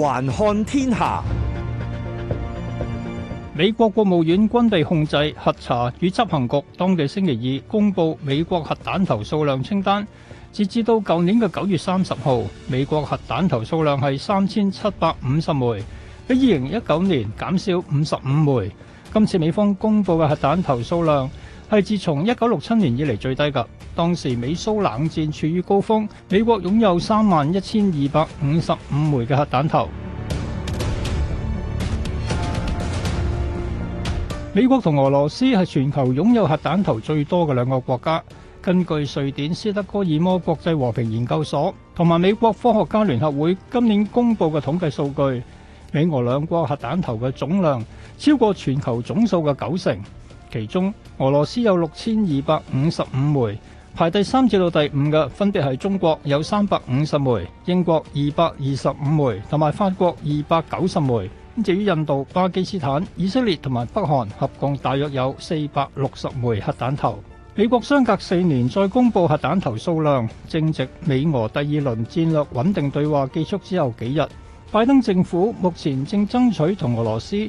環看天下，美國國務院軍備控制核查與執行局當地星期二公布美國核彈頭數量清單，截至到舊年嘅九月三十號，美國核彈頭數量係三千七百五十枚，比二零一九年減少五十五枚。今次美方公布嘅核彈頭數量係自從一九六七年以嚟最低噶。當時美蘇冷戰處於高峰，美國擁有三萬一千二百五十五枚嘅核彈頭。美國同俄羅斯係全球擁有核彈頭最多嘅兩個國家。根據瑞典斯德哥爾摩國際和平研究所同埋美國科學家聯合會今年公布嘅統計數據，美俄兩國核彈頭嘅總量超過全球總數嘅九成。其中，俄羅斯有六千二百五十五枚，排第三至到第五嘅分別係中國有三百五十枚、英國二百二十五枚同埋法國二百九十枚。至於印度、巴基斯坦、以色列同埋北韓合共大約有四百六十枚核彈頭。美國相隔四年再公布核彈頭數量，正值美俄第二輪戰略穩定對話結束之後幾日。拜登政府目前正爭取同俄羅斯。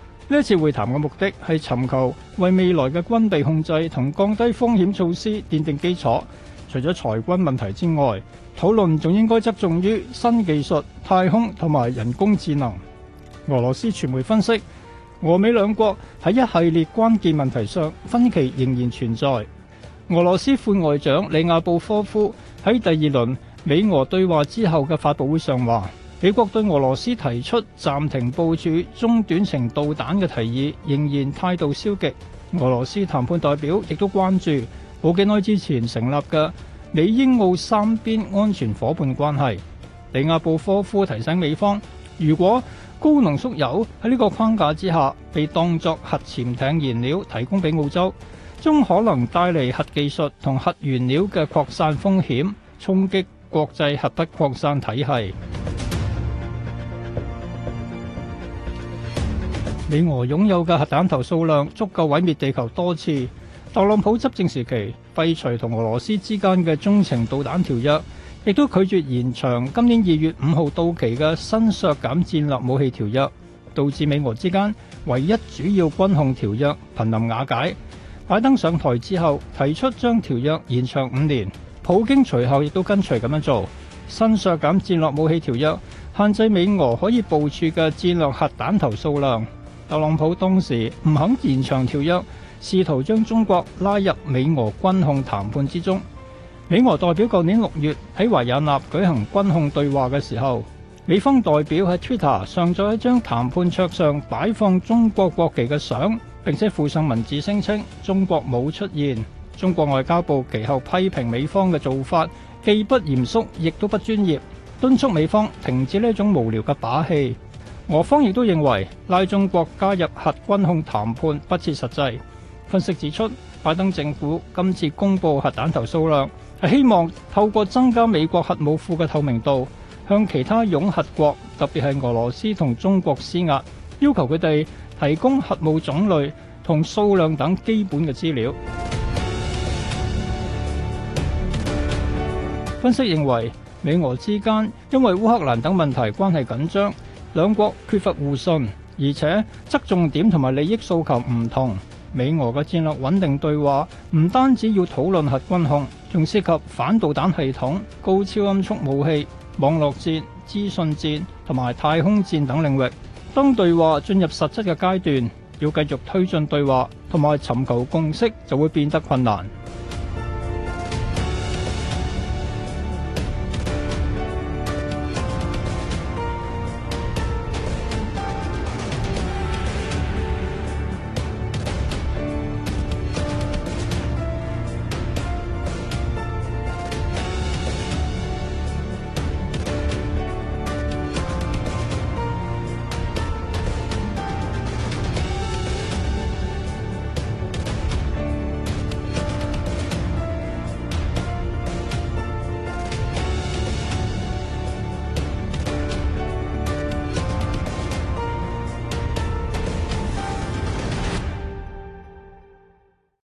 呢一次會談嘅目的係尋求為未來嘅軍備控制同降低風險措施奠定基礎。除咗裁軍問題之外，討論仲應該側重於新技術、太空同埋人工智能。俄羅斯傳媒分析，俄美兩國喺一系列關鍵問題上分歧仍然存在。俄羅斯副外長里亞布科夫喺第二輪美俄對話之後嘅發佈會上話。美國對俄羅斯提出暫停部署中短程導彈嘅提議，仍然態度消極。俄羅斯談判代表亦都關注好幾耐之前成立嘅美英澳三邊安全伙伴關係。利亞布科夫提醒美方，如果高濃縮鈾喺呢個框架之下被當作核潛艇燃料提供俾澳洲，將可能帶嚟核技術同核原料嘅擴散風險，衝擊國際核不擴散體系。美俄擁有嘅核彈頭數量足夠毀滅地球多次。特朗普執政時期廢除同俄羅斯之間嘅中程導彈條約，亦都拒絕延長今年二月五號到期嘅新削減戰略武器條約，導致美俄之間唯一主要軍控條約瀕臨瓦解。拜登上台之後提出將條約延長五年，普京隨後亦都跟隨咁樣做。新削減戰略武器條約限制美俄可以部署嘅戰略核彈頭數量。特朗普當時唔肯延長條約，試圖將中國拉入美俄軍控談判之中。美俄代表舊年六月喺維也納舉行軍控對話嘅時候，美方代表喺 Twitter 上載一張談判桌上擺放中國國旗嘅相，並且附上文字聲稱中國冇出現。中國外交部其後批評美方嘅做法既不嚴肅，亦都不專業，敦促美方停止呢一種無聊嘅把戲。俄方亦都認為拉中國加入核軍控談判不切實際。分析指出，拜登政府今次公布核彈頭數量，係希望透過增加美國核武庫嘅透明度，向其他擁核國，特別係俄羅斯同中國施壓，要求佢哋提供核武種類同數量等基本嘅資料。分析認為，美俄之間因為烏克蘭等問題關係緊張。兩國缺乏互信，而且側重點同埋利益訴求唔同。美俄嘅戰略穩定對話唔單止要討論核軍控，仲涉及反導彈系統、高超音速武器、網絡戰、資訊戰同埋太空戰等領域。當對話進入實質嘅階段，要繼續推進對話同埋尋求共識，就會變得困難。